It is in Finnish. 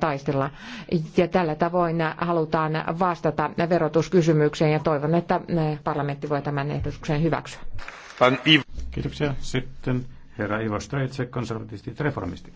taistella. Ja tällä tavoin halutaan vastata verotuskysymykseen ja toivon, että parlamentti voi tämän ehdotuksen hyväksyä. Kiitoksia. Sitten herra Ivo Streitsek, konservatistit reformistit.